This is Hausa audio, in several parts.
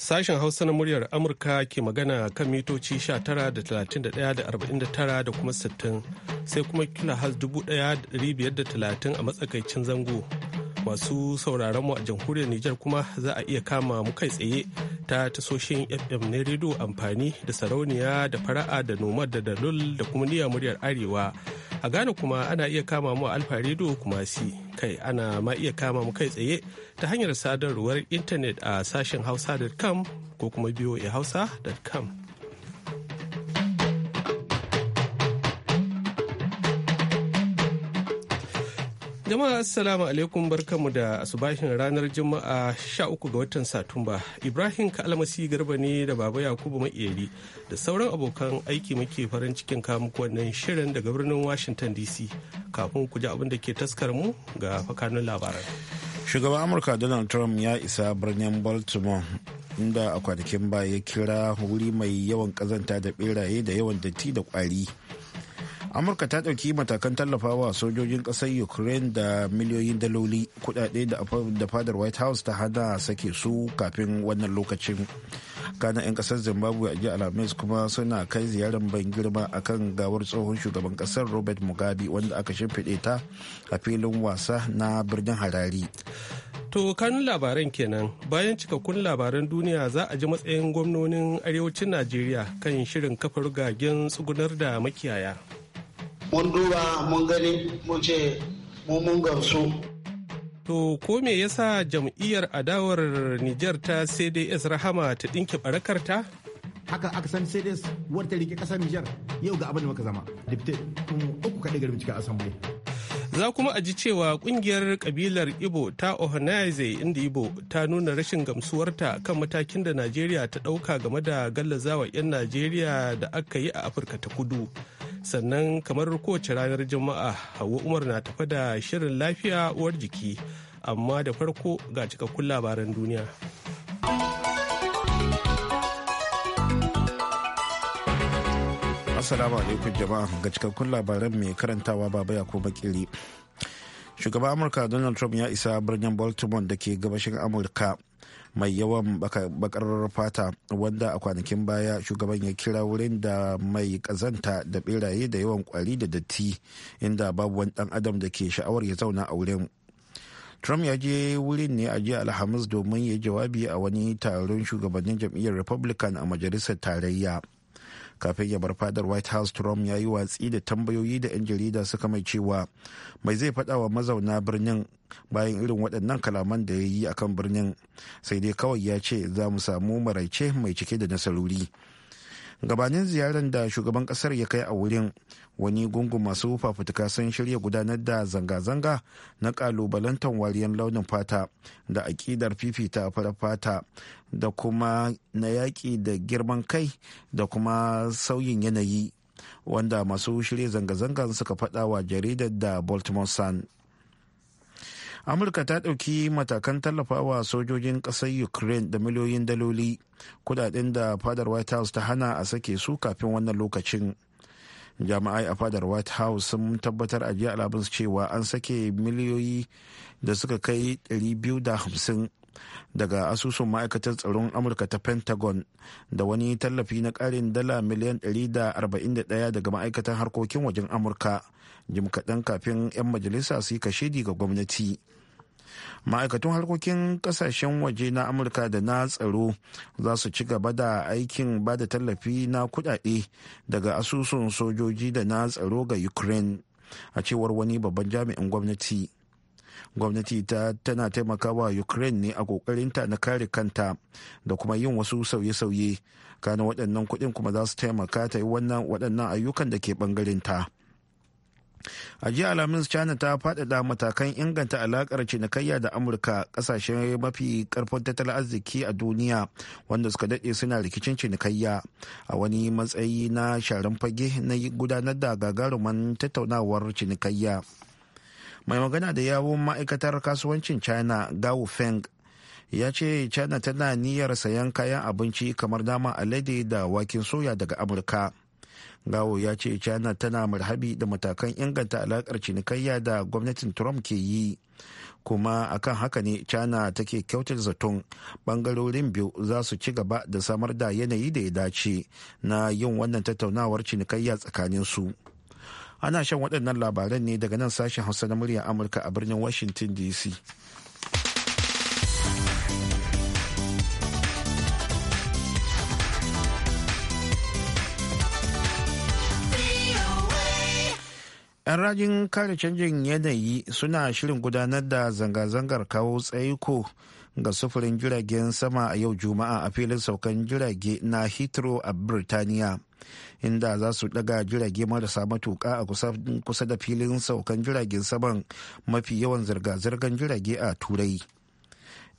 Sashen Hausa na muryar Amurka ke magana kan mitoci 19 da 31 da 49 da kuma 60 sai kuma has 1530 a matsakaicin zango. Masu sauraron mu a jamhuriyar Nijar kuma za a iya kama mu kai tsaye ta tasoshin FM na rediyo amfani da sarauniya da fara'a da nomad da dalul da kuma niyyar muryar Arewa. A Ghana kuma ana iya kama mu a Alfa Radio Kumasi kai ana ma iya kama mu kai tsaye ta hanyar sadarwar intanet a sashen hausa.com ko kuma voahausa.com. Jama'a Assalamu alaikum barkanmu da asubahin ranar Juma'a 13 ga watan Satumba. Ibrahim Kalmasi Garba ne da Baba Yakubu ma'eri da sauran abokan aiki muke farin cikin muku wannan shirin daga birnin Washington DC. Kafin ku ji abin da ke taskar mu ga fakanin labaran. Shugaban Amurka Donald Trump ya isa birnin Baltimore inda a kwanakin baya ya kira wuri mai yawan kazanta da beraye da yawan datti da kwari. amurka ta ɗauki matakan tallafawa sojojin kasar ukraine da miliyoyin daloli kudade da fadar white house ta hana sake su kafin wannan lokacin kana 'yan ƙasar zimbabwe a jiya alhamis kuma suna kai ziyarar ban girma akan gawar tsohon shugaban ƙasar robert mugabe wanda aka shimfiɗe ta a filin wasa na birnin harare To kanun labaran kenan bayan cikakkun labaran duniya za a ji matsayin gwamnonin arewacin Najeriya kan shirin kafa rugagen tsugunar da makiyaya. mun duba mun gani mun ce mu mun gamsu to ko me yasa jam'iyyar adawar Nijar ta CDS Rahama ta dinke barakarta haka aka san CDS wadda ta rike kasar Nijar yau ga abin da muka zama dipte uku kaɗai garin cikin asambly za kuma a ji cewa kungiyar kabilar ibo ta ohanaeze inda ibo ta nuna rashin gamsuwarta kan matakin da najeriya ta ɗauka game da gallazawa 'yan najeriya da aka yi a afirka ta kudu sannan kamar kowace ranar juma'a hawa umar na tafa da shirin lafiya uwar jiki amma da farko ga cikakkun labaran duniya assalamu alaikum jama'a ga cikakkun labaran mai karantawa baba ya ko bakiri shugaban amurka donald trump ya isa birnin baltimore da ke gabashin amurka mai yawan bakar fata wanda a kwanakin baya shugaban ya kira wurin da mai kazanta da beraye da yawan kwari da datti inda babu wani dan adam da ke sha'awar ya zauna a wurin trump ya je wurin ne a jiya alhamis domin ya jawabi a wani taron shugabannin jam'iyyar republican a majalisar tarayya kafin ya bar fadar white house trump ya yi watsi da tambayoyi da 'yan jarida suka mai cewa mai zai faɗa wa mazauna birnin bayan irin waɗannan kalaman da ya yi akan birnin sai dai kawai ya ce za mu samu maraice mai cike da nasarori. gabanin ziyarar da shugaban kasar ya kai a wurin wani gungun masu fafutuka sun shirya gudanar da zanga-zanga na kalubalantar wariyar launin fata da aƙidar fifita farar fata da kuma na yaƙi da girman kai da kuma sauyin yanayi wanda masu shirya zanga zangan suka faɗa wa jaridar da baltimore sun amurka ta ɗauki matakan tallafawa sojojin ƙasar ukraine da miliyoyin daloli kudaden da fadar white house ta hana a sake su kafin wannan lokacin jami'ai a fadar white house sun tabbatar a jiya alabins cewa an sake miliyoyi da suka kai 250 daga asusun ma'aikatar tsaron amurka ta pentagon da wani tallafi na karin dala miliyan 141 daga ma'aikatan harkokin wajen amurka jim kaɗan kafin 'yan majalisa su yi kashedi ga gwamnati ma'aikatun harkokin kasashen waje na amurka da na tsaro za su ci gaba da aikin ba da tallafi na kudade daga asusun sojoji da na tsaro ga ukraine a cewar wani babban jami'in gwamnati gwamnati ta tana taimakawa ukraine ne a kokarinta na kare kanta da kuma yin wasu sauye-sauye kana waɗannan kuɗin kuma za su taimaka ta yi waɗannan ayyukan da ke ɓangarenta a jiya alhamis china ta faɗaɗa matakan inganta alaƙar cinikayya da amurka ƙasashe mafi ƙarfin tattalin arziki a duniya wanda suka daɗe suna rikicin cinikayya a wani matsayi na sharan fage na gudanar da gagaruman tattaunawar cinikayya mai magana da yawon ma'aikatar kasuwancin china gao feng ya ce china tana niyyar sayan kayan abinci kamar dama alade da waken soya daga amurka gawo ya ce china tana marhabi da matakan inganta alakar cinikayya da gwamnatin trump ke yi kuma akan haka ne china take kyautar zaton bangarorin biyu za su ci gaba da samar da yanayi da ya dace na yin wannan tattaunawar cinikayya tsakanin su ana shan waɗannan labaran ne daga nan sashen hausa na muryar amurka a birnin washington dc yan rajin kare canjin yanayi suna shirin gudanar da zanga-zangar kawo tsaiko ga sufurin jiragen sama a yau juma'a a filin saukan jirage na hitro a birtaniya inda za su daga jirage marasa matuka a kusa da filin saukan jiragen saman mafi yawan zirga-zirgar jirage a turai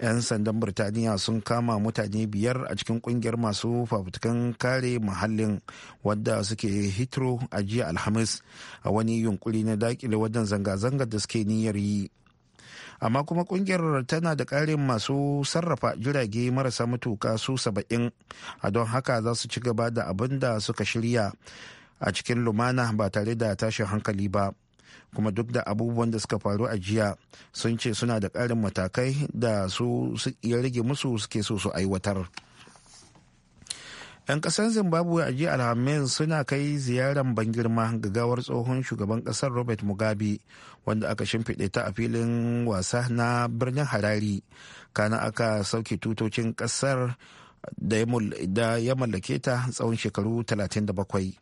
'yan sandan birtaniya sun kama mutane biyar a cikin kungiyar masu fafutukan kare muhallin wadda suke hitro a jiya alhamis a wani yunkuri na dakile wajen zanga-zangar da suke niyyar yi amma kuma kungiyar tana da ƙarin masu sarrafa jirage marasa matuka su saba'in a don haka za su ci gaba da abin da suka shirya a cikin lumana ba tare da tashin hankali ba kuma duk da abubuwan da suka faru a jiya sun ce suna da ƙarin matakai da su ya rage musu suke so su aiwatar. 'Yan ƙasar Zimbabwe a jiya Alhamis suna kai ziyarar ban girma ga gawar tsohon shugaban kasar Robert Mugabe wanda aka shimfiɗe ta a filin wasa na birnin Harari. Kana aka sauke tutocin ƙasar da ya mallake ta tsawon shekaru 37.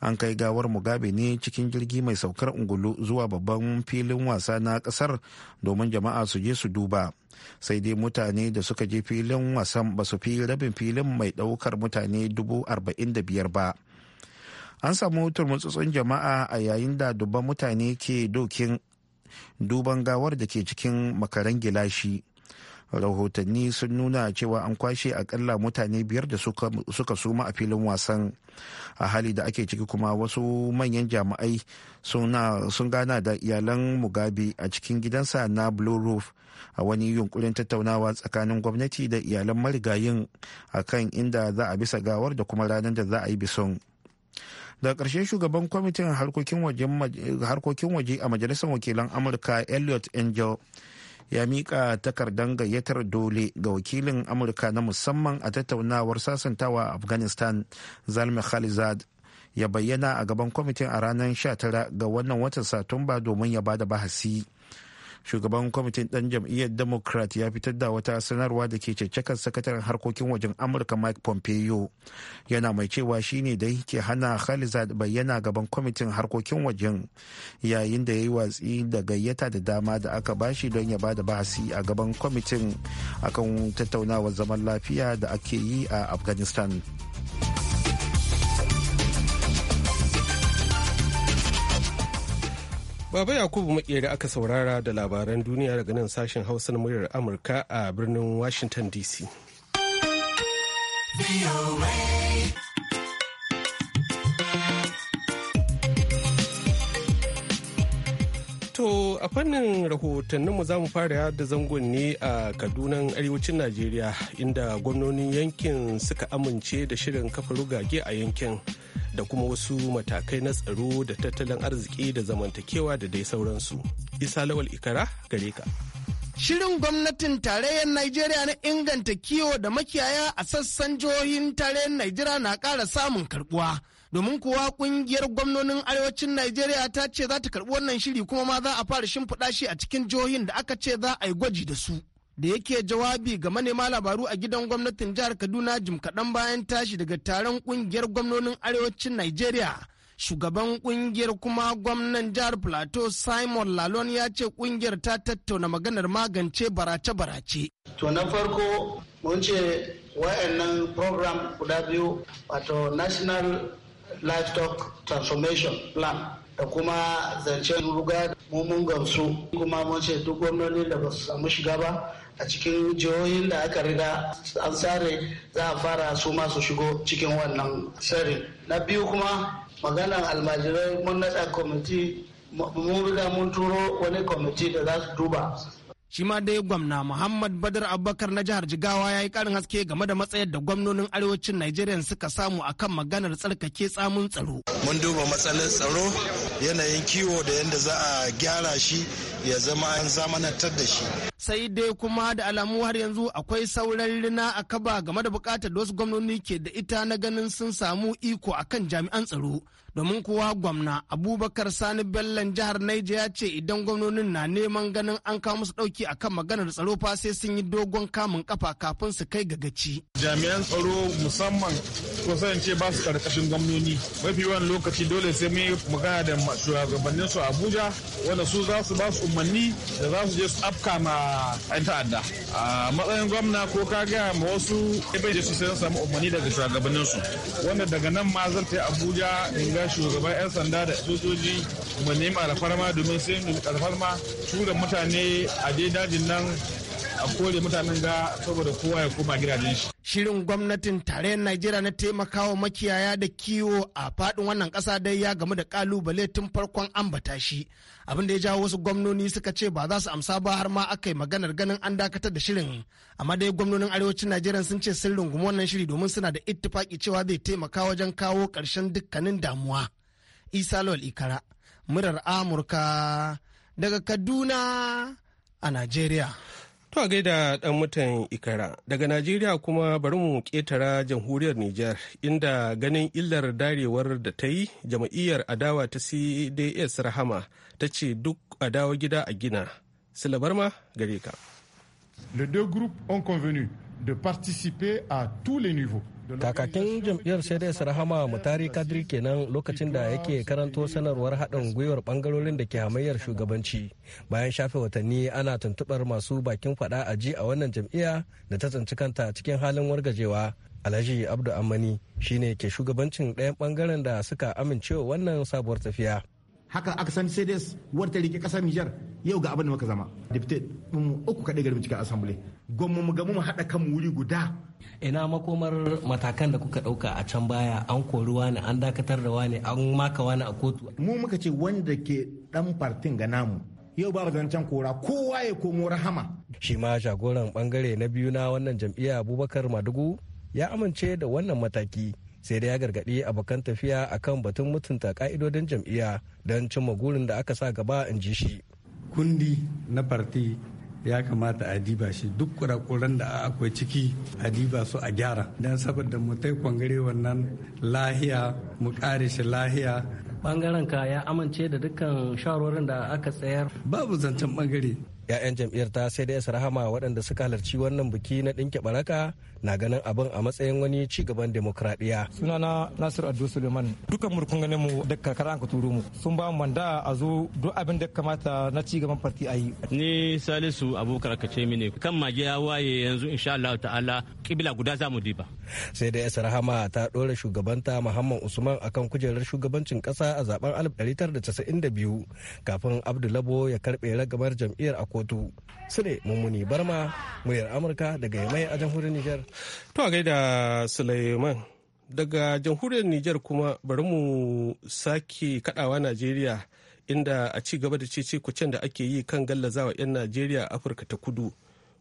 an kai gawar mugabe ne cikin jirgi mai saukar ungulu zuwa babban filin wasa na kasar domin jama'a su je su duba sai dai mutane da suka je filin wasan ba su fi rabin filin mai daukar mutane dubu arba'in da biyar ba an samu turmutsutsun jama'a a yayin da dubban mutane ke dokin duban gawar da ke cikin makaran gilashi rahotanni sun nuna cewa an kwashe akalla mutane biyar da suka suma a filin wasan a hali da ake ciki kuma wasu manyan jami'ai sun gana da iyalan mugabe a cikin gidansa na blue roof a wani yunkurin tattaunawa tsakanin gwamnati da iyalan marigayin kan inda za a bisa gawar da kuma ranar da za a yi bison daga ƙarshe shugaban kwamitin harkokin waje a majalisar wakilan amurka elliot angel ya miƙa takardar gayyatar dole ga wakilin amurka na musamman a tattaunawar sasantawa a afghanistan zalmi khalizad ya bayyana a gaban kwamitin a ranar 19 ga wannan watan satumba domin ya bada bahasi shugaban kwamitin ɗan jam'iyyar democrat ya fitar da wata sanarwa da ke caccakar sakataren harkokin wajen amurka mike pompeo yana mai cewa shine da ke hana khalizad bayyana gaban kwamitin harkokin wajen yayin da ya yi watsi da gayyata da dama da aka bashi don ya bada bahasi a gaban kwamitin akan tattaunawar zaman lafiya da ake yi a afghanistan. Baba Yakubu Makeri aka saurara da labaran duniya daga nan sashen Hausa na muryar Amurka a birnin Washington DC. To a fannin rahotanninmu za mu fara da zangon ne a Kadunan arewacin Najeriya inda gwamnonin yankin suka amince da shirin kafa rugage a yankin. da kuma wasu matakai na tsaro da tattalin arziki da zamantakewa da dai sauransu. Isa Lawal Ikara gare ka. Shirin gwamnatin tarayyar Najeriya na inganta kiwo da makiyaya a sassan jihohin tarayyar Najeriya na ƙara samun karbuwa. domin kuwa kungiyar gwamnonin arewacin Najeriya ta ce za ta karbi wannan shiri kuma ma za a fara shimfiɗa shi a cikin jihohin da aka ce za a yi gwaji da su. da yake jawabi ga manema labaru a gidan gwamnatin jihar kaduna jim kaɗan bayan tashi daga taron ƙungiyar gwamnonin arewacin nigeria shugaban ƙungiyar kuma gwamnan jihar plateau simon lalon ya ce ƙungiyar ta tattauna maganar magance barace-barace to na farko mun ce wayannan program guda biyu wato national livestock transformation plan da kuma zancen ruga mun gamsu kuma mun ce duk gwamnoni da ba su samu shiga ba a cikin jihohin da aka riga an tsare za a fara su masu shigo cikin wannan tsarin na biyu kuma maganan almajirai mun naɗa kwamiti mun riga mun turo wani kwamiti da za su duba shi ma dai gwamna muhammad badar abubakar na jihar jigawa ya yi karin haske game da matsayar da gwamnonin arewacin nigeria suka samu a kan maganar tsarkake tsamun tsaro mun duba matsalar tsaro yanayin kiwo da yadda za a gyara shi ya zama an zamanantar da shi sai dai kuma da alamu har yanzu akwai sauran rina a kaba game da bukatar da wasu gwamnoni ke da ita na ganin sun samu iko akan jami'an tsaro domin kuwa gwamna abubakar sani bellan jihar naija ya ce idan gwamnonin na neman ganin an kawo musu dauki akan maganar tsaro fa sai sun yi dogon kamun kafa kafin su kai gagaci jami'an tsaro musamman kusan ce ba su karkashin gwamnoni mafi wani lokaci dole sai mun yi magana da shugabannin su abuja wanda su za su ba su umarni da za su je su afka ma yan ta'adda a matsayin gwamna ko ka gaya ma wasu bai je su sai samu umarni daga shugabannin su wanda daga nan ma zan ta abuja in shugaban 'yan sanda da sojoji mu nema alfarma domin sai alfarma tura mutane a dai dajin nan a kore mutanen ga saboda kowa ya koma gidajen shi. Shirin gwamnatin tarayyar Najeriya na taimakawa makiyaya da kiwo a faɗin wannan kasa dai ya gamu da ƙalubale tun farkon ambata shi. Abin da ya jawo wasu gwamnoni suka ce ba za su amsa ba har ma aka yi maganar ganin an dakatar da shirin. Amma dai gwamnonin arewacin Najeriya sun ce sun rungumi wannan shiri domin suna da ittifaki cewa zai taimaka wajen kawo ƙarshen dukkanin damuwa. Isa Lawal Ikara, murar Amurka daga Kaduna a Najeriya. To a gaida ɗan mutan Ikara daga Najeriya kuma bari mu ƙetara jamhuriyar Nijar inda ganin illar darewar da ta yi jama'iyyar adawa ta CDS Rahama ta ce duk a gida a gina. Silabar ma gare ka. le deux groupes ont convenu de participer à tous les niveaux Kakakin jam'iyyar sai dai Sarahama Mutari Kadri kenan lokacin da yake karanto sanarwar haɗin gwiwar bangarorin da ke hamayyar shugabanci. Bayan shafe watanni ana tuntuɓar masu bakin faɗa a ji a wannan jam'iyya da ta tsinci kanta cikin halin wargajewa. Alhaji Abdu shine ke shugabancin ɗayan ɓangaren da suka amincewa wannan sabuwar tafiya. haka aka san sai dai wadda ta riƙe Nijar yau ga abin da muka zama. Dipte mu uku kaɗai garin cikin assembly. Gwamma mu gamu mu haɗa kan wuri guda. Ina makomar matakan da kuka ɗauka a can baya an kori wani an dakatar da wani an maka wani a kotu. Mu muka ce wanda ke ɗan fartin ga namu yau babu zancen kora kowa ya komo rahama. Shi ma jagoran bangare na biyu na wannan jam'iyya Abubakar Madugu ya amince da wannan mataki sai dai ya gargaɗi abokan tafiya akan batun mutunta ka'idodin jam'iyya don cimma gurin da aka sa gaba in ji shi kundi na farti ya kamata a diba shi duk kurakuran da akwai ciki a diba su a gyara don saboda mu tai kwangare wannan lahiya mu kare shi lahiya bangaren ka ya amince da dukkan shawarwarin da aka tsayar babu zancen bangare 'ya'yan jam'iyyar ta sai dai rahama waɗanda suka halarci wannan biki na ɗinke baraka na ganin abin a matsayin wani ci gaban demokradiyya sunana nasir addu suleiman dukan murkun ganin mu da karkara an ka turo mu sun ba mu manda a zo duk abin da kamata na ci gaban farti ayi. yi ni salisu abubakar ka ce mini kan mage ya waye yanzu insha Allah ta'ala kibla guda za mu diba sai dai rahama ta ɗora shugabanta muhammad usman akan kujerar shugabancin ƙasa a zaben 1992 kafin abdulabo ya karɓe ragamar jam'iyyar a Sokoto. Sule Mummuni Barma, muryar Amurka daga Yamai a jamhuriyar Nijar. To a gaida Suleiman. Daga jamhuriyar Nijar kuma bari mu sake kadawa Najeriya inda a ci gaba da cece kucen da ake yi kan gallazawa 'yan Najeriya Afirka ta kudu.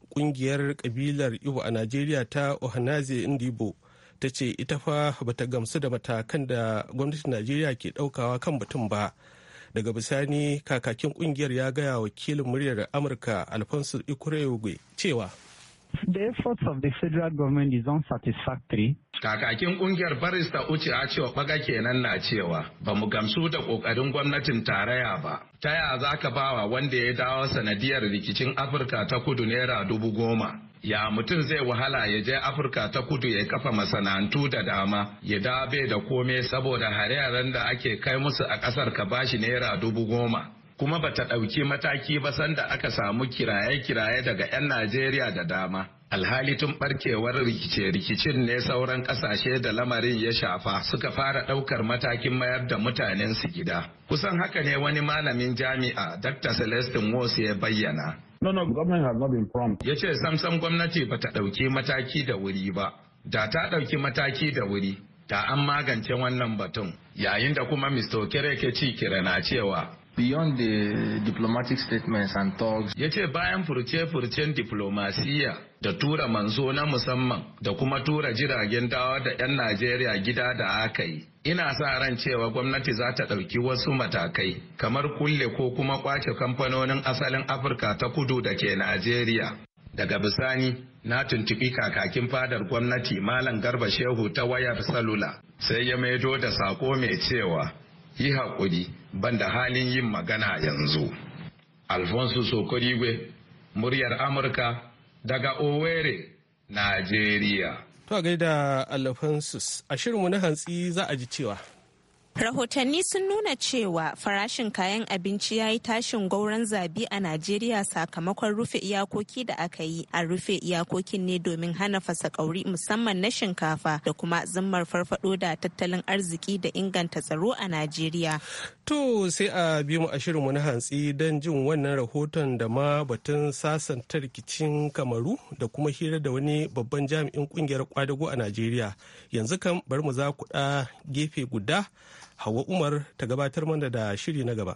Kungiyar kabilar Ibo a Najeriya ta Ohanaze Indibo ta ce ita fa bata gamsu da matakan da gwamnatin Najeriya ke daukawa kan batun ba. daga bisani kakakin kungiyar ya gaya wakilin muryar amurka alfonso ikuregwe cewa the efforts of the federal government is unsatisfactory. Kakakin kungiyar barista uce a cewa baga kenan na cewa ba mu gamsu da kokarin gwamnatin tarayya ba. Ta ya za ka bawa wanda ya dawo sanadiyar rikicin Afirka ta kudu naira dubu goma. Ya mutum zai wahala ya je Afirka ta kudu ya kafa masana'antu da dama ya dabe da komai saboda hare-haren da ake kai musu a ƙasar ka bashi naira dubu goma. kuma bata ɗauki mataki ba sanda aka samu kiraye-kiraye daga 'yan Najeriya da dama. Alhali tun barkewar rikice-rikicin ne sauran ƙasashe da lamarin ya shafa suka fara ɗaukar matakin mayar da mutanen su gida. Kusan haka ne wani malamin jami'a Dr. Celestin Wose ya bayyana. No, no, government has not been prompt. Ya ce samsam gwamnati bata ɗauki mataki da wuri ba. Da ta ɗauki mataki da wuri, da an magance wannan batun. Yayin da kuma Mr. Okere ci kirana cewa beyond the diplomatic statements and talks. Ya ce bayan furce-furcen diplomasiya da tura manzo na musamman da kuma tura jiragen dawa da 'yan Najeriya gida da aka yi. Ina sa ran cewa gwamnati za ta ɗauki wasu matakai kamar kulle ko kuma kwace kamfanonin asalin Afirka ta kudu da ke Najeriya. Daga bisani na tuntuɓi kakakin fadar gwamnati Malam Garba Shehu ta wayar salula sai ya maido da sako mai cewa yi haƙuri banda halin yin magana yanzu. Alfonso Sokorigwe, muryar Amurka daga Owerri, Najeriya. To a gaida Alfonsus, a shirinmu na hantsi za a ji cewa. Rahotanni sun nuna cewa farashin kayan abinci ya yi tashin gauran zabi a Najeriya sakamakon rufe iyakoki da aka yi. a rufe iyakokin ne domin hana fasa fasakauri musamman na shinkafa da kuma zammar farfado da tattalin arziki da inganta tsaro a Najeriya. To sai a bi mu a shirinmu na hantsi don jin wannan rahoton da ma batun sasanta rikicin kamaru da kuma hira da wani babban jami'in kungiyar kwadago a Najeriya. Yanzu kan bari mu za ku da gefe guda Hawa Umar ta gabatar mana da shiri na gaba.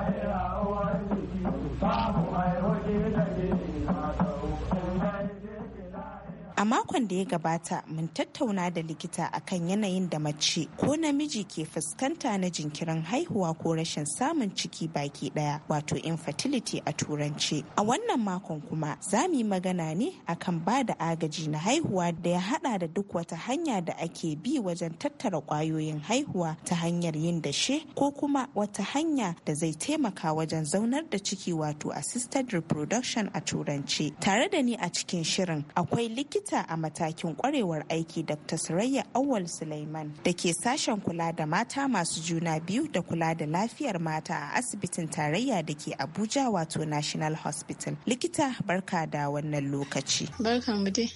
A makon da ya gabata mun tattauna da likita akan yanayin da mace ko namiji ke fuskanta na jinkirin haihuwa ko rashin samun ciki baki daya wato infertility a turanci. A wannan makon kuma za mu yi magana ne akan ba da agaji na haihuwa da ya hada da duk wata hanya da ake bi wajen tattara kwayoyin haihuwa ta hanyar yin dashe ko kuma wata hanya da zai taimaka wajen zaunar da ciki wato assisted reproduction a turanci. Tare da ni a cikin shirin akwai likita Darakta a matakin kwarewar aiki Dr. Sarayya Awal Sulaiman da ke sashen kula da mata masu juna biyu da kula da lafiyar mata a asibitin tarayya da ke Abuja wato National Hospital. Likita barka da wannan lokaci.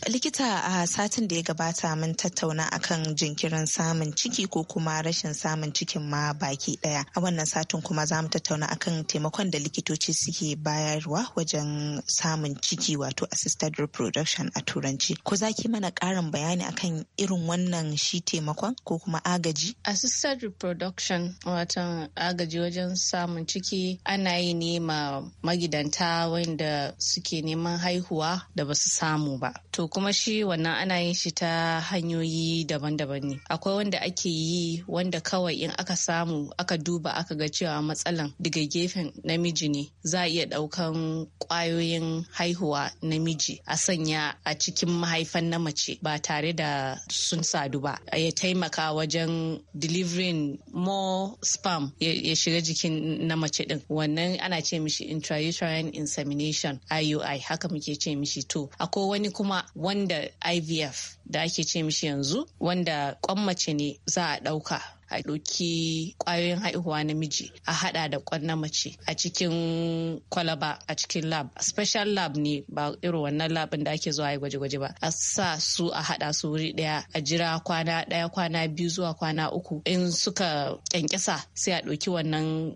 Likita a satin da ya gabata mun tattauna akan jinkirin samun ciki ko kuma rashin samun cikin ma baki daya. A wannan satin kuma za mu tattauna akan taimakon da likitoci suke bayarwa wajen samun ciki wato assisted reproduction a turanci ko za ki mana ƙarin bayani akan irin wannan shi taimakon ko kuma agaji? Assisted reproduction watan agaji wajen samun ciki ana yi ne ma magidanta wanda suke neman haihuwa da basu samu ba. To kuma shi wannan ana yin shi ta hanyoyi daban-daban ne. Akwai wanda ake yi wanda kawai in aka samu aka duba aka ga cewa matsalan daga gefen namiji ne za a iya ɗaukan ƙwayoyin haihuwa namiji a sanya a cikin mahaifa mahaifan na mace ba tare da sun sadu ba ya taimaka wajen delivering more sperm ya shiga jikin na mace din wannan ana ce mishi intrauterine insemination IUI haka muke ce mishi to akwai wani kuma wanda IVF da ake ce mishi yanzu wanda kwan mace ne za a ɗauka a ɗauki ƙwayoyin haihuwa namiji a haɗa da ƙwan na mace a cikin kwalaba a cikin lab special lab ne ba irin wannan labin da ake zuwa yi gwaje-gwaje ba a sa su a haɗa su wuri ɗaya a jira kwana ɗaya kwana biyu zuwa kwana uku in suka kyankyasa sai a ɗauki wannan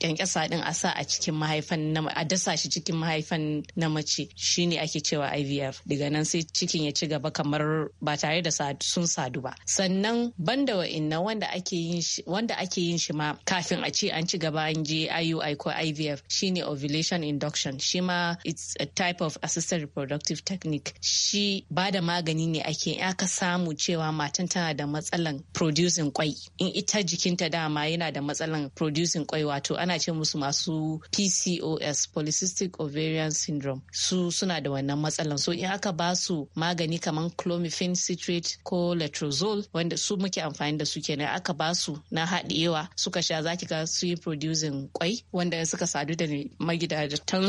kyankyasa ɗin a sa a cikin mahaifan na a dasa shi cikin mahaifan na mace shine ake cewa IVF daga nan sai cikin ya ci gaba kamar ba tare da sun sadu ba sannan banda na wanda ake yin shi wanda ake yin shi ma kafin a ce an ci gaba an je IUI ko IVF shine ovulation induction shi ma it's a type of assisted reproductive technique shi ba da magani ne ake ka samu cewa matan tana da matsalan producing kwai in ita jikinta dama yana da matsalan producing kwai wato ana ce musu masu PCOS polycystic ovarian syndrome su suna da wannan matsalan so in aka ba su magani kamar clomiphene citrate ko letrozole wanda su muke amfani da su kenan aka ba su na haɗewa suka sha zaki ga su yi producing kwai wanda suka sadu da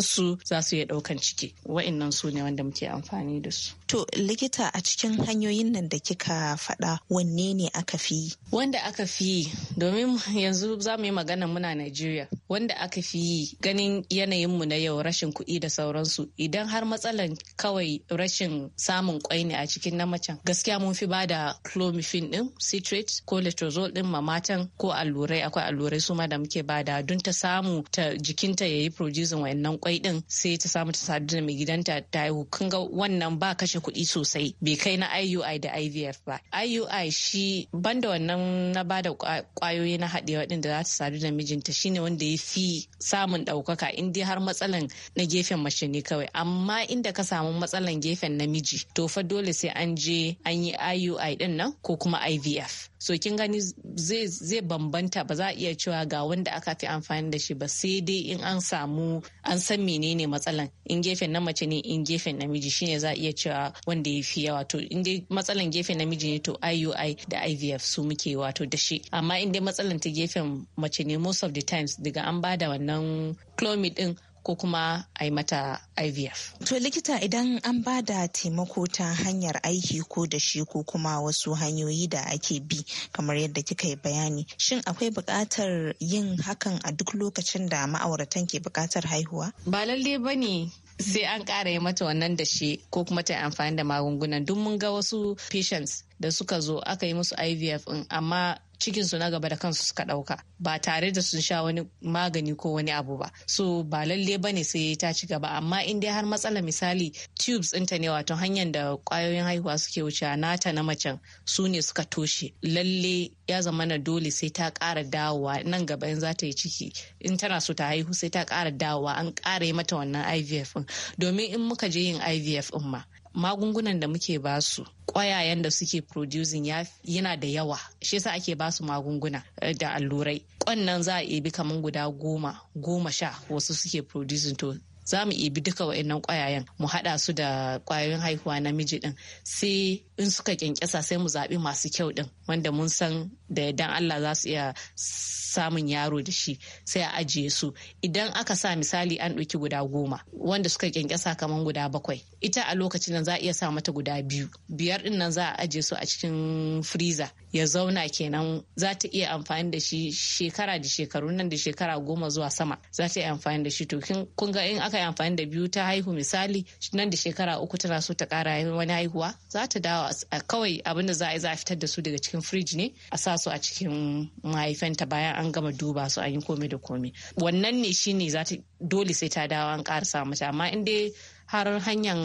su za su iya ɗaukan ciki wa'annan su ne wanda muke amfani da su. To likita a cikin hanyoyin nan da kika faɗa wanne ne aka fi? Wanda aka fi domin yanzu za mu yi magana muna Najeriya wanda aka fi ganin yanayin mu na yau rashin kuɗi da sauransu idan har matsalan kawai rashin samun kwai ne a cikin na macen gaskiya mun fi bada clomiphene ɗin citrate ko letrozole din ma matan ko allurai akwai allurai su ma da muke bada don ta samu ta jikinta ya yi producin wayannan kwai din sai ta samu ta sadu da mai gidanta ta haihu kun ga wannan ba kashe kuɗi sosai bai kai na IUI da IVF ba IUI shi banda wannan na bada kwayoyi na haɗewa din da za ta sadu da mijinta shine wanda ya fi samun ɗaukaka in dai har matsalan na gefen mace ne kawai amma inda ka samu matsalan gefen namiji to fa dole sai an je an yi IUI din nan ko kuma IVF so kin gani zai bambanta ba za a iya cewa ga wanda aka fi amfani da shi ba sai dai in an samu an san menene matsalan in gefen na mace ne in gefen namiji shine za a iya cewa wanda ya fi yawa to in dai matsalan gefen namiji ne to IUI da IVF su muke wato da shi amma in dai matsalan ta gefen mace ne most of the times daga an bada wannan clomid din ko kuma a yi mata IVF. To likita idan an ba da taimako ta hanyar aiki ko da shi ko kuma wasu hanyoyi da ake bi kamar yadda kika yi bayani shin akwai buƙatar yin hakan a duk lokacin da ma'auratan ke buƙatar haihuwa? Ba lalle ba ne sai an ƙara yi mata wannan da shi ko kuma ta yi amfani da magungunan duk mun ga wasu patients da suka zo aka yi musu IVF in amma cikin su na gaba da kansu suka ɗauka ba tare da sun sha wani magani ko wani abu ba so ba lalle bane sai ta ci gaba amma in dai har matsala misali tubes ɗinta ne wato hanyar da kwayoyin haihuwa suke wuce nata na macen su ne suka toshe lalle ya zama na dole sai ta kara dawowa nan gaba in za ta yi ciki in tana so ta haihu sai ta kara dawowa an ƙara yi mata wannan ivf ɗin domin in muka je yin ivf ɗin ma magungunan da muke basu ƙwayayen da suke producing yana da yawa shi yasa ake basu magunguna eh, da allurai nan za a ebi kamar guda goma goma sha wasu suke producing to za mu ibi duka wa'annan ƙwayayen mu haɗa su da kwayoyin haihuwa namiji din sai in suka kyankyasa sai mu zaɓi masu kyau ɗin wanda mun san da yadda Allah za su iya samun yaro da shi sai a ajiye su idan aka sa misali an ɗauki guda goma wanda suka kyankyasa kamar guda bakwai ita a lokacin nan za a iya sa mata guda biyu biyar ɗinnan nan za a ajiye su a cikin freezer ya zauna kenan za ta iya amfani da shi shekara da shekaru nan da shekara goma zuwa sama za ta iya amfani da shi to kun ga in aka yi amfani da biyu ta haihu misali nan da shekara uku tana so ta kara wani haihuwa za ta dawo kawai abin da za a yi za a fitar da su daga cikin firiji ne a sa su a cikin mahaifanta bayan an gama duba su an yi komai da komai wannan ne shine za ta dole sai ta dawo an karasa mata amma in dai har hanyar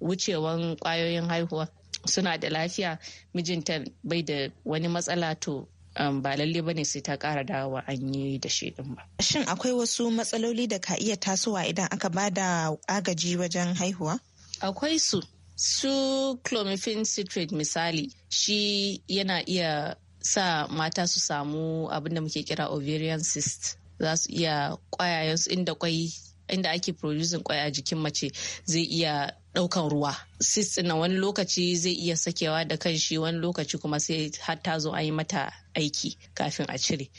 wucewan kwayoyin haihuwa suna da lafiya mijinta bai da wani matsala to Um, ba lalle bane sai ta kara dawowa an yi da shi din ba. Shin akwai wasu matsaloli da ka iya tasowa idan aka ba da agaji wajen haihuwa? Akwai su. Su clomiphene citrate misali shi yana iya sa mata su samu abin da muke kira ovarian cyst za su iya su inda kwai inda ake producing kwai a jikin mace zai iya daukan ruwa sis na wani lokaci zai iya sakewa da kanshi wani lokaci kuma sai har ta zo ayi yi mata aiki kafin a cire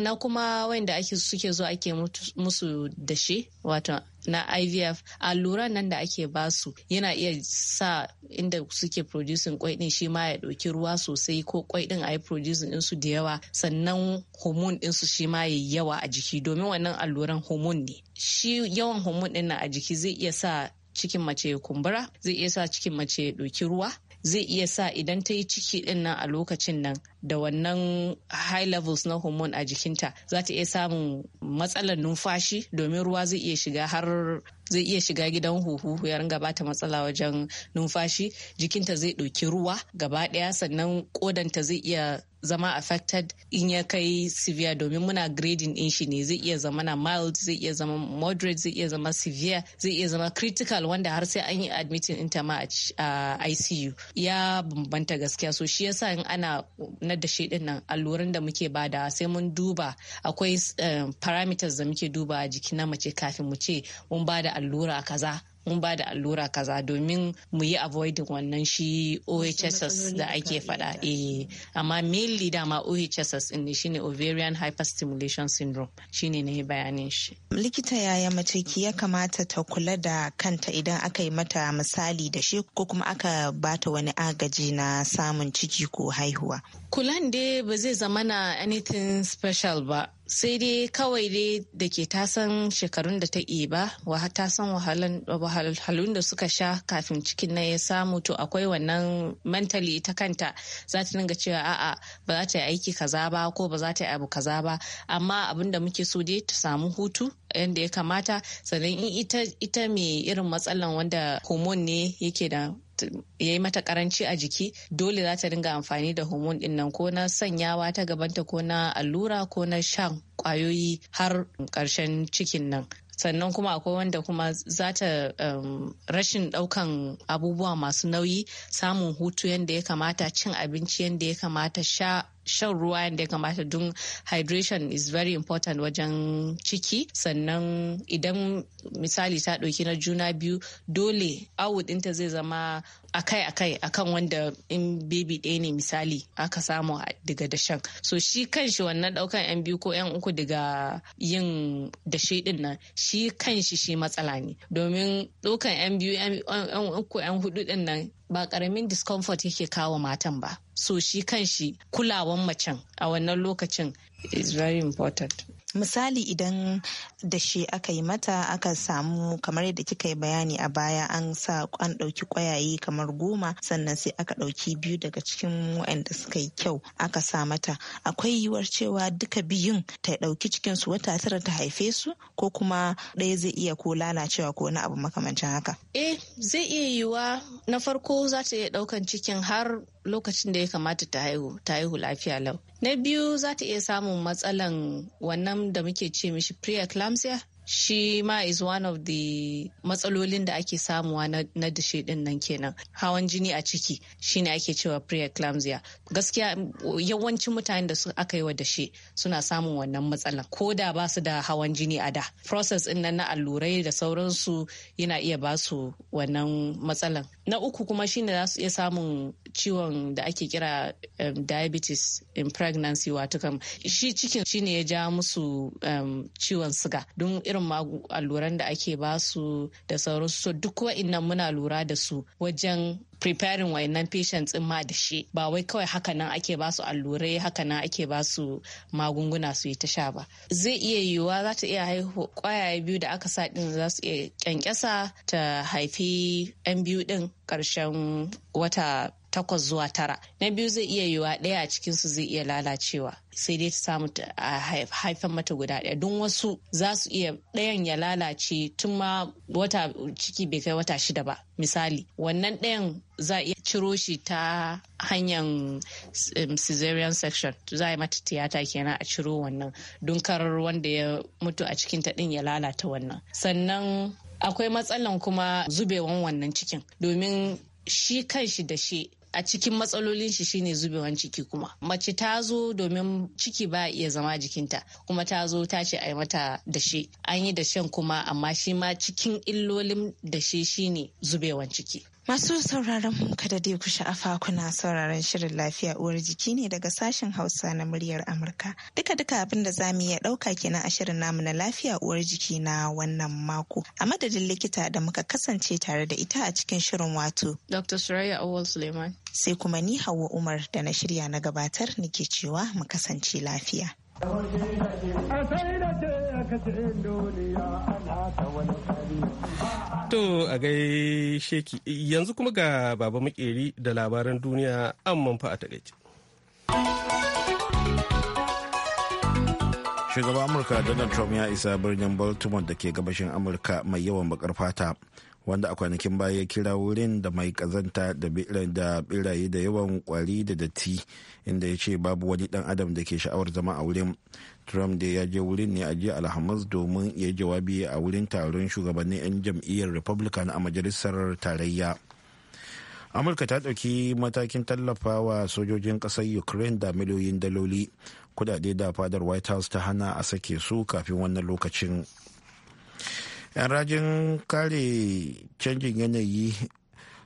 na kuma wanda ake suke zo ake musu dashe wato na ivf alluran nan da ake basu yana iya sa inda suke producing kwai din shi ma ya ɗauki ruwa sosai ko kwai din a yi producing ɗinsu da yawa sannan hormone ɗinsu shi ma ya yawa a jiki domin wannan alluran hormone ne shi yawan hormone ɗin a jiki zai iya sa cikin mace ya kumbura zai iya sa cikin mace ya ɗauki ruwa zai iya sa idan ta yi ciki ɗin nan a lokacin nan da wannan high levels na hormone a jikinta za ta iya samun matsalar numfashi domin ruwa zai iya shiga har zai iya shiga gidan huhu ya ringa bata matsala wajen numfashi jikinta zai ɗauki ruwa gaba ɗaya sannan kodanta zai iya zama affected in ya kai severe domin muna grading din shi ne zai iya zama na mild zai iya zama moderate zai iya zama severe zai iya zama critical wanda har sai an yi admitting ta ma a ICU ya bambanta gaskiya so shi yasa in ana na da shi din nan alluran da muke bada sai mun duba akwai eh, parameters da muke duba a jiki na mace kafin mu ce mun bada allura kaza mun ba da allura kaza domin mu yi avoiding wannan shi OHSS da ake faɗa eh amma mainly dama OHSS in ne shine ovarian hyperstimulation syndrome shine ne bayanin shi likita yaya mace ki ya kamata ta kula da kanta idan aka yi mata misali da shi ko kuma aka bata wani agaji na samun ciki ko haihuwa kulan dai ba zai zama na anything special ba sai dai kawai dai da ke tasan shekarun da ta ba wa ta san wahalhalun da suka sha kafin cikin na ya samu to akwai wannan mentally ta kanta za ta dinga cewa a'a ba za ta yi aiki kaza ba ko ba za ta yi abu kaza ba amma abin da muke so dai ta samu hutu yadda ya kamata sannan in ita mai irin matsalan wanda hormone ne yake da ya yi mata karanci a jiki dole za ta dinga amfani da homon din nan ko na sanyawa ta gabanta ko na allura ko na shan kwayoyi har karshen cikin nan sannan kuma akwai wanda kuma za ta um, rashin daukan abubuwa masu nauyi samun hutu yadda ya kamata cin abinci yadda ya kamata sha shan ruwa yadda ya kamata don hydration is very important wajen ciki sannan idan misali ta ɗauki na juna biyu dole awu ɗinta zai zama akai akai akan wanda in baby ɗaya ne misali aka samu daga dashen so shi kanshi wannan ɗaukan yan biyu ko yan uku daga yin dashe ɗin nan shi kanshi shi matsala ne domin ɗaukan yan biyu yan uku yan hudu ɗin nan ba ƙaramin discomfort yake kawo matan ba so shi kan shi kulawan macen a wannan lokacin is very important misali idan da shi aka yi mata aka samu kamar yadda kika yi bayani a baya an sa an ɗauki ƙwayaye kamar goma sannan sai aka ɗauki biyu daga cikin waɗanda suka yi kyau aka sa mata akwai yiwuwar cewa duka biyun ta ɗauki cikin su wata tara ta haife su ko kuma ɗaya zai iya ko lalacewa ko wani abu makamancin haka eh zai iya yiwuwa na farko za ta iya ɗaukan cikin har lokacin da ya kamata ta haihu ta haihu lafiya lau na biyu za ta iya samun matsalan wannan da muke ce mishi preeclampsia shi ma is one of the matsalolin da ake samuwa na dashe din nan kenan hawan jini a ciki shine ake cewa preeclampsia gaskiya yawancin mutanen da su aka yi wa dashe suna samun wannan matsalan ko da ba su da hawan jini a da process din nan na allurai da sauransu yana iya ba su wannan matsalan na uku kuma shine za su iya samun ciwon da ake kira um, diabetes in pregnancy wato kam shi cikin shine ya ja musu um, ciwon suga don irin irin alluran da ake ba su da sauransu so duk wa'innan muna lura da su wajen preparing wayannan patients in ma da shi ba wai kawai haka nan ake ba su allurai haka nan ake ba su magunguna su yi ta sha ba zai iya yiwuwa za ta iya haihu kwayaye biyu da aka sa din za su iya kyankyasa ta haifi yan biyu din karshen wata takwas zuwa tara na biyu zai iya yiwa ɗaya a cikinsu zai iya lalacewa sai dai ta samu haifan mata guda ɗaya don wasu za su iya ɗayan ya lalace tun ma wata ciki bai kai wata shida ba misali wannan ɗayan za a iya ciro shi ta hanyar um, cesarean section za a yi mata tiyata kenan a ciro wannan don kar wanda ya mutu a cikin ta ɗin ya lalata wannan sannan akwai matsalan kuma zubewan wannan cikin domin shi kan shi da shi a cikin matsalolin shi shine zubewan ciki kuma mace ta zo domin ciki ba iya zama jikinta kuma ta zo ta ce ai mata dashe an yi dashen kuma amma shi ma cikin illolin dashe shine zubewan ciki Masu sauraron mu kada dai ku sha'afa kuna sauraron shirin lafiya uwar jiki ne daga sashen Hausa na muryar Amurka. Duka duka abin da zamu iya dauka kenan a shirin namu na lafiya uwar jiki na wannan mako. A madadin likita da muka kasance tare da ita a cikin shirin wato. Dr. Suraya Awal Suleiman. sai kuma ni Hauwa Umar da na shirya na gabatar nake cewa mu kasance lafiya. To a gai sheki yanzu kuma ga baba makeri da labaran duniya amman fa a takaice. Shugaban Amurka Donald Trump ya isa birnin Baltimore da ke gabashin Amurka mai yawan bakar fata. wanda a kwanakin baya ya kira wurin da mai kazanta da biraye da yawan kwari da datti inda ya ce babu wani dan adam da ke sha'awar zama a wurin trump da ya je wurin ne a jiya alhamis domin ya yi jawabi a wurin taron shugabannin 'yan jam'iyyar republican a majalisar tarayya amurka ta ɗauki matakin tallafawa sojojin ƙasar ukraine da miliyoyin daloli kudade da fadar white house ta hana a sake su kafin wannan lokacin 'yan rajin kare canjin yanayi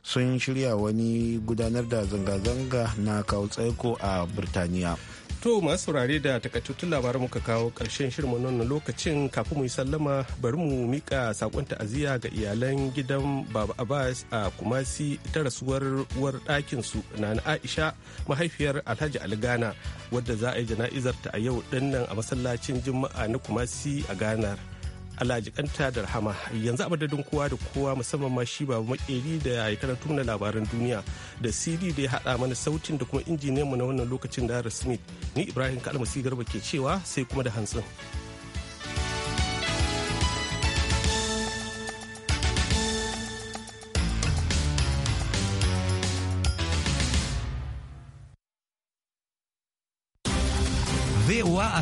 sun shirya wani gudanar da zanga-zanga na kawo tsaiko a birtaniya to masu saurare da takaitattun labaran muka kawo karshen shirin na lokacin kafin mu yi sallama bari mu mika sakon ta'aziyya ga iyalan gidan baba abbas a kumasi ta rasuwar uwar ɗakin su na aisha mahaifiyar alhaji algana wadda za a yi jana'izarta a yau dinnan a masallacin juma'a na kumasi a ghana Allah kanta da rahama yanzu a madadin kowa da kowa musamman ma shi babu makeri da ya karanta labaran duniya da CD da ya haɗa mana sautin da kuma injiniyan mu na wannan lokacin da Smith ni Ibrahim Kalmasi Garba ke cewa sai kuma da hantsin. VOA